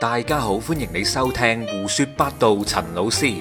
大家好，歡迎你收聽胡說八道。陳老師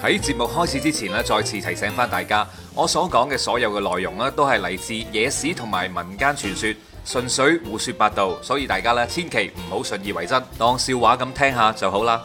喺節目開始之前咧，再次提醒翻大家，我所講嘅所有嘅內容咧，都係嚟自野史同埋民間傳說，純粹胡說八道，所以大家咧千祈唔好信以為真，當笑話咁聽下就好啦。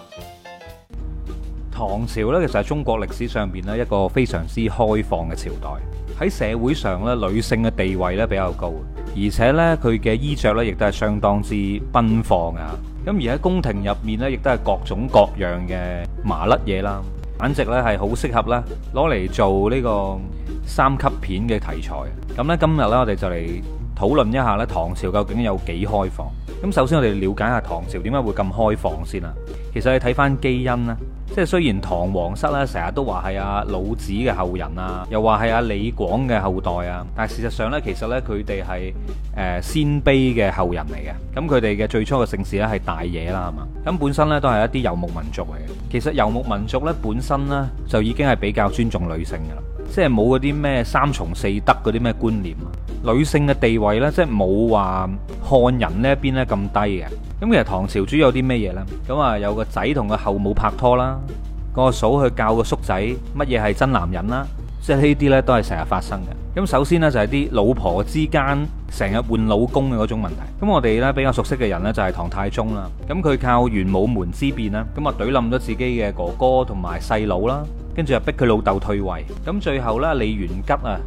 唐朝咧，其實係中國歷史上邊咧一個非常之開放嘅朝代，喺社會上咧，女性嘅地位咧比較高，而且咧佢嘅衣着咧亦都係相當之奔放啊。咁而喺宮廷入面呢，亦都係各種各樣嘅麻甩嘢啦，簡直呢係好適合呢攞嚟做呢個三級片嘅題材。咁呢今日呢，我哋就嚟討論一下呢，唐朝究竟有幾開放？咁首先我哋瞭解下唐朝點解會咁開放先啦。其實你睇翻基因啦。即係雖然唐皇室咧成日都話係阿老子嘅後人啊，又話係阿李廣嘅後代啊，但係事實上呢，其實呢，佢哋係誒鮮卑嘅後人嚟嘅。咁佢哋嘅最初嘅姓氏呢，係大野啦，係嘛？咁本身呢，都係一啲游牧民族嚟嘅。其實游牧民族呢，本身呢，就已經係比較尊重女性㗎啦。即係冇嗰啲咩三從四德嗰啲咩觀念，女性嘅地位呢，即係冇話漢人呢一邊咁低嘅。咁其實唐朝主要有啲咩嘢呢？咁啊，有個仔同個後母拍拖啦，個嫂去教個叔仔乜嘢係真男人啦，即係呢啲呢都係成日發生嘅。咁首先呢，就係啲老婆之間成日換老公嘅嗰種問題。咁我哋呢比較熟悉嘅人呢，就係唐太宗啦。咁佢靠玄武門之變啦，咁啊，懟冧咗自己嘅哥哥同埋細佬啦。跟住又逼佢老豆退位，咁最後呢，李元吉啊，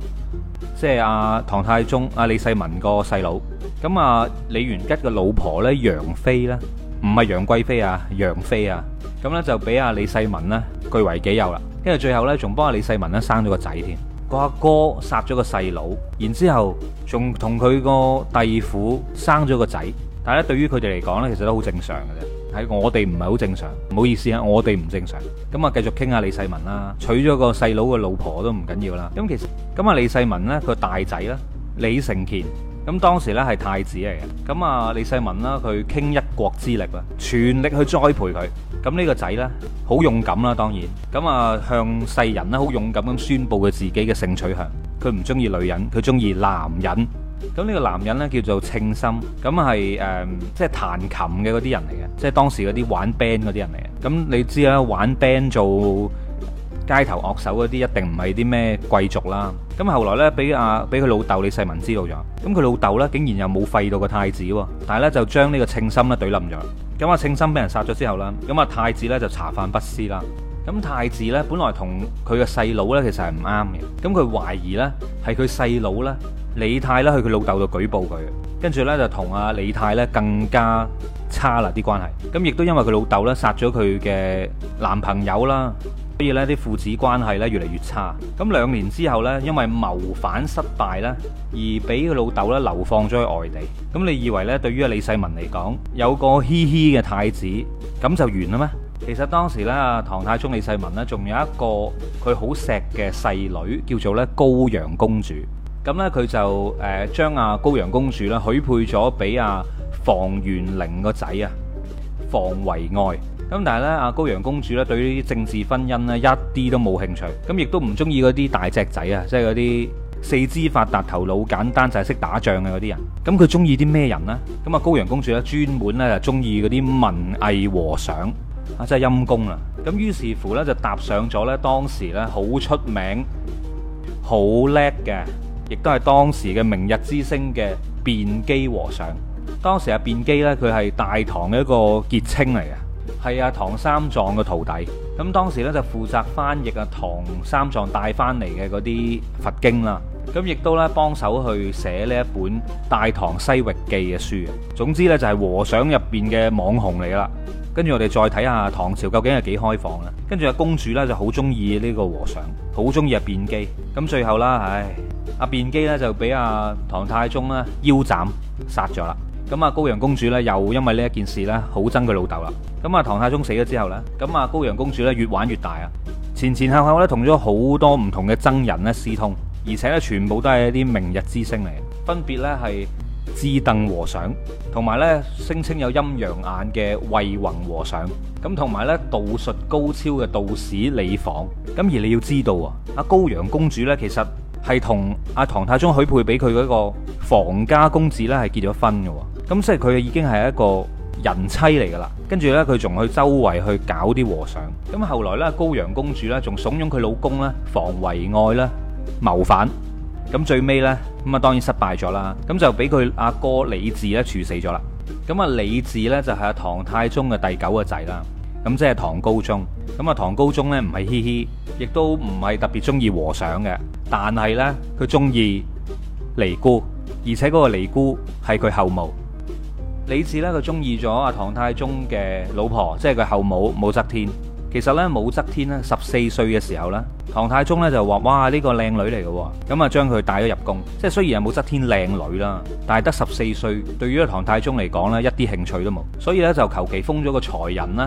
即係阿唐太宗阿李世民個細佬，咁啊李元吉個老婆呢，楊妃咧，唔係楊貴妃啊楊妃啊，咁呢，就俾阿李世民呢，據為己有啦，跟住最後呢，仲幫阿李世民呢生咗個仔添，個阿哥殺咗個細佬，然之後仲同佢個弟婦生咗個仔，但係咧對於佢哋嚟講呢，其實都好正常嘅啫。係我哋唔係好正常，唔好意思啊，我哋唔正常。咁啊，繼續傾下李世民啦，娶咗個細佬嘅老婆都唔緊要啦。咁其實咁啊，李世民呢，佢大仔啦，李承乾，咁當時呢係太子嚟嘅。咁啊，李世民啦，佢傾一國之力啊，全力去栽培佢。咁呢個仔呢，好勇敢啦，啊，當然。咁啊，向世人啦，好勇敢咁宣布佢自己嘅性取向，佢唔中意女人，佢中意男人。咁呢個男人呢，叫做稱心，咁係誒，即係彈琴嘅嗰啲人嚟嘅，即係當時嗰啲玩 band 嗰啲人嚟嘅。咁你知啦、啊，玩 band 做街頭樂手嗰啲一定唔係啲咩貴族啦。咁後來呢，俾阿俾佢老豆李世民知道咗，咁佢老豆呢，竟然又冇廢到個太子，但係呢，就將呢個稱心呢，懟冧咗。咁阿稱心俾人殺咗之後啦，咁阿太子呢，就茶飯不思啦。咁太子咧，本來同佢個細佬咧，其實係唔啱嘅。咁佢懷疑咧，係佢細佬咧，李泰咧去佢老豆度舉報佢，跟住咧就同阿李泰咧更加差啦啲關係。咁亦都因為佢老豆咧殺咗佢嘅男朋友啦，所以咧啲父子關係咧越嚟越差。咁兩年之後咧，因為謀反失敗咧，而俾佢老豆咧流放咗去外地。咁你以為咧，對於阿李世民嚟講，有個嘻嘻嘅太子咁就完啦咩？其實當時咧，唐太宗李世民咧，仲有一個佢好錫嘅細女，叫做咧高陽公主。咁咧，佢就誒、呃、將阿高陽公主咧許配咗俾阿房玄齡個仔啊房遺愛。咁但係咧，阿高陽公主咧對呢啲政治婚姻咧一啲都冇興趣。咁亦都唔中意嗰啲大隻仔啊，即係嗰啲四肢發達頭腦簡單就係識打仗嘅嗰啲人。咁佢中意啲咩人呢？咁啊，高陽公主咧專門咧就中意嗰啲文藝和尚。啊！真係陰公啦！咁於是乎呢，就搭上咗呢當時呢好出名、好叻嘅，亦都係當時嘅明日之星嘅辯機和尚。當時啊，辯機呢，佢係大唐嘅一個傑青嚟嘅，係啊，唐三藏嘅徒弟。咁當時呢，就負責翻譯啊，唐三藏帶翻嚟嘅嗰啲佛經啦。咁亦都呢，幫手去寫呢一本《大唐西域記》嘅書。總之呢，就係和尚入邊嘅網紅嚟啦。跟住我哋再睇下唐朝究竟係幾開放啦。跟住阿公主呢，就好中意呢個和尚，好中意阿辯機。咁最後啦，唉，阿辯機呢就俾阿、啊、唐太宗呢腰斬殺咗啦。咁啊高陽公主呢，又因為呢一件事呢，好憎佢老豆啦。咁啊唐太宗死咗之後呢，咁啊高陽公主呢，越玩越大啊，前前後後呢，同咗好多唔同嘅僧人呢私通，而且呢，全部都係一啲明日之星嚟，分別呢係。支凳和尚、同埋咧聲稱有陰陽眼嘅慧宏和尚，咁同埋咧道術高超嘅道士李房，咁而你要知道啊，阿高陽公主咧其實係同阿唐太宗許配俾佢嗰個房家公子咧係結咗婚嘅，咁即係佢已經係一個人妻嚟噶啦，跟住咧佢仲去周圍去搞啲和尚，咁後來咧高陽公主咧仲慫恿佢老公咧房遺愛咧謀反。咁最尾呢，咁啊當然失敗咗啦，咁就俾佢阿哥李治咧處死咗啦。咁啊李治呢，就係唐太宗嘅第九個仔啦。咁即係唐高宗。咁啊唐高宗呢，唔係嘻嘻，亦都唔係特別中意和尚嘅，但係呢，佢中意尼姑，而且嗰個尼姑係佢後母。李治呢，佢中意咗阿唐太宗嘅老婆，即係佢後母武則天。其實咧武則天咧十四歲嘅時候咧，唐太宗咧就話，哇呢、呢個靚女嚟嘅，咁啊將佢帶咗入宮。即係雖然係武則天靚女啦，但係得十四歲，對於唐太宗嚟講咧一啲興趣都冇，所以咧就求其封咗個才人啦，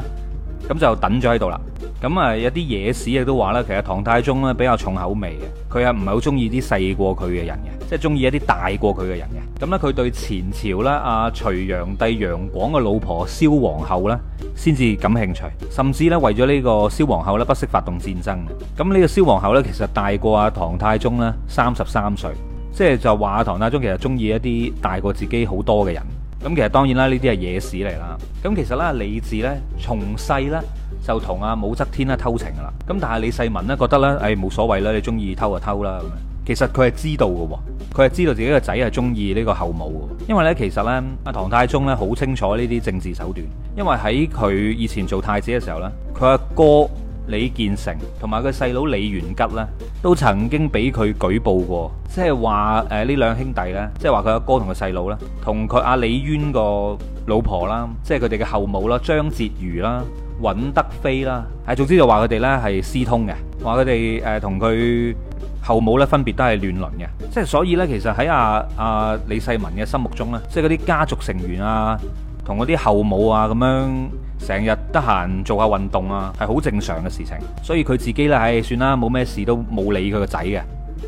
咁就等咗喺度啦。咁啊，有啲野史亦都話啦，其實唐太宗咧比較重口味嘅，佢啊唔係好中意啲細過佢嘅人嘅，即係中意一啲大過佢嘅人嘅。咁咧，佢對前朝咧阿隋煬帝楊廣嘅老婆蕭皇后咧先至感興趣，甚至咧為咗呢個蕭皇后咧不惜發動戰爭。咁呢個蕭皇后咧其實大過阿唐太宗咧三十三歲，即係就話唐太宗其實中意一啲大過自己好多嘅人。咁其實當然啦，呢啲係野史嚟啦。咁其實呢，李治咧從細呢就同阿武則天咧偷情噶啦。咁但係李世民咧覺得呢，誒、哎、冇所謂啦，你中意偷就偷啦。咁其實佢係知道嘅喎，佢係知道自己個仔係中意呢個後母嘅。因為呢，其實呢，阿唐太宗呢好清楚呢啲政治手段，因為喺佢以前做太子嘅時候呢，佢阿哥，李建成同埋佢細佬李元吉呢，都曾經俾佢舉報過，即係話誒呢兩兄弟呢，即係話佢阿哥同佢細佬啦，同佢阿李淵個老婆啦，即係佢哋嘅後母啦，張婕妤啦、尹德妃啦，誒、呃、總之就話佢哋呢係私通嘅，話佢哋誒同佢後母呢分別都係亂倫嘅，即係所以呢，其實喺阿阿李世民嘅心目中呢，即係嗰啲家族成員啊，同嗰啲後母啊咁樣。成日得閒做下運動啊，係好正常嘅事情。所以佢自己咧，唉，算啦，冇咩事都冇理佢個仔嘅。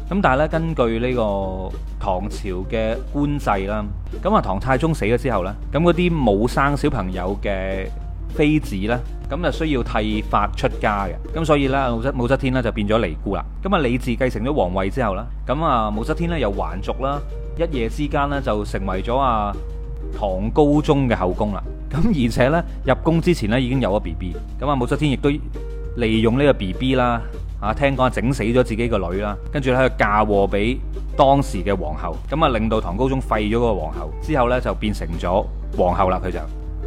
咁但係咧，根據呢個唐朝嘅官制啦，咁啊，唐太宗死咗之後咧，咁嗰啲冇生小朋友嘅妃子咧，咁就需要剃髮出家嘅。咁所以咧，武則武則天咧就變咗尼姑啦。咁啊，李治繼承咗皇位之後咧，咁啊，武則天咧又還俗啦，一夜之間咧就成為咗啊唐高宗嘅後宮啦。咁而且呢，入宮之前咧已經有咗 B B，咁啊，武則天亦都利用呢個 B B 啦，啊聽講整死咗自己個女啦，跟住咧嫁禍俾當時嘅皇后，咁啊，令到唐高宗廢咗個皇后，之後呢，就變成咗皇后啦佢就。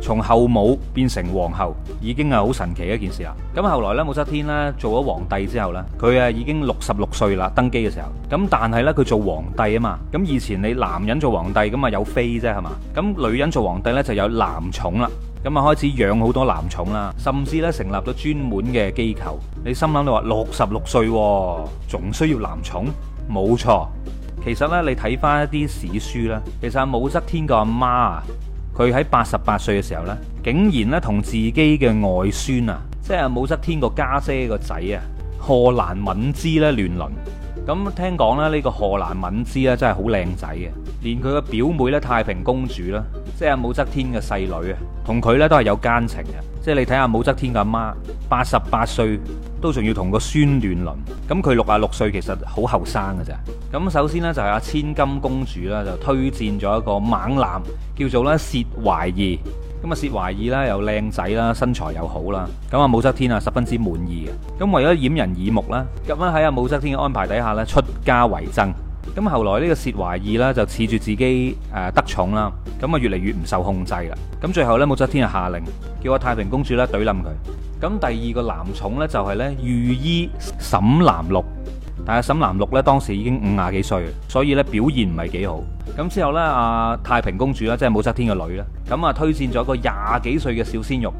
從後母變成皇后，已經係好神奇一件事啦。咁後來呢，武則天呢做咗皇帝之後呢，佢啊已經六十六歲啦，登基嘅時候。咁但係呢，佢做皇帝啊嘛。咁以前你男人做皇帝咁啊有妃啫係嘛。咁女人做皇帝呢，就有男寵啦。咁啊開始養好多男寵啦，甚至呢，成立咗專門嘅機構。你心諗你話六十六歲，仲需要男寵？冇錯，其實呢，你睇翻一啲史書啦。其實武則天個阿媽啊。佢喺八十八歲嘅時候呢，竟然呢同自己嘅外孫啊，即係武則天個家姐個仔啊，賀蘭敏之咧亂倫。咁聽講咧，呢個賀蘭敏之咧真係好靚仔嘅，連佢嘅表妹咧太平公主啦，即係武則天嘅細女啊，同佢呢都係有奸情嘅。即係你睇下武則天嘅阿媽，八十八歲都仲要同個孫亂倫，咁佢六十六歲其實好後生嘅咋咁首先呢，就係阿千金公主啦，就推薦咗一個猛男叫做呢薛懷義，咁啊薛懷義呢，又靚仔啦，身材又好啦，咁啊武則天啊十分之滿意嘅。咁為咗掩人耳目啦，咁樣喺阿武則天嘅安排底下呢，出家為僧。咁後來呢個薛懷義呢，就恃住自己誒得寵啦，咁啊越嚟越唔受控制啦。咁最後呢，武則天啊下令，叫阿太平公主咧懟冧佢。咁第二個男寵呢，就係呢御醫沈南祿，但係沈南祿呢，當時已經五廿幾歲，所以呢表現唔係幾好。咁之後呢，阿太平公主咧即係武則天嘅女啦，咁啊推薦咗個廿幾歲嘅小鮮肉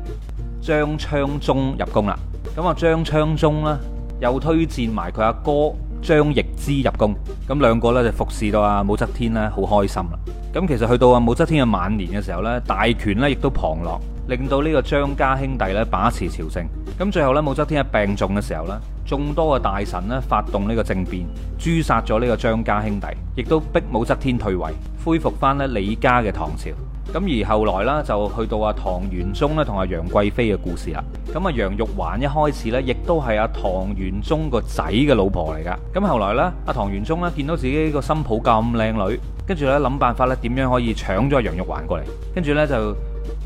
張昌宗入宮啦。咁啊張昌宗呢，又推薦埋佢阿哥。張易之入宮，咁兩個咧就服侍到啊武則天咧，好開心啦。咁其實去到啊武則天嘅晚年嘅時候咧，大權咧亦都旁落，令到呢個張家兄弟咧把持朝政。咁最後咧，武則天一病重嘅時候咧，眾多嘅大臣咧發動呢個政變，誅殺咗呢個張家兄弟，亦都逼武則天退位，恢復翻咧李家嘅唐朝。咁而後來咧，就去到阿唐玄宗咧同阿楊貴妃嘅故事啦。咁啊，楊玉環一開始咧，亦都係阿唐玄宗個仔嘅老婆嚟噶。咁後來咧，阿唐玄宗咧見到自己個新抱咁靚女，跟住咧諗辦法咧點樣可以搶咗阿楊玉環過嚟，跟住咧就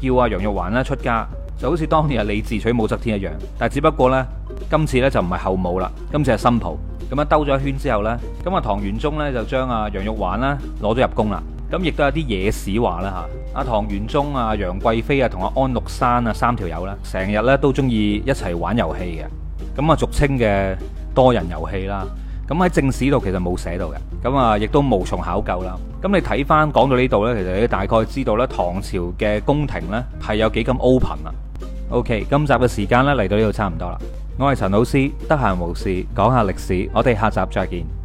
叫阿楊玉環咧出家，就好似當年啊李治娶武則天一樣。但係只不過咧，今次咧就唔係後母啦，今次係新抱。咁啊兜咗一圈之後咧，咁阿唐玄宗咧就將阿楊玉環啦攞咗入宮啦。咁亦都有啲野史話啦吓，阿唐元宗啊、楊貴妃啊同阿安禄山啊三條友咧，成日咧都中意一齊玩遊戲嘅，咁啊俗稱嘅多人遊戲啦。咁喺正史度其實冇寫到嘅，咁啊亦都無從考究啦。咁你睇翻講到呢度呢，其實你大概知道咧唐朝嘅宮廷呢係有幾咁 open 啊。OK，今集嘅時間呢嚟到呢度差唔多啦。我係陳老師，得閒無事講下歷史，我哋下集再見。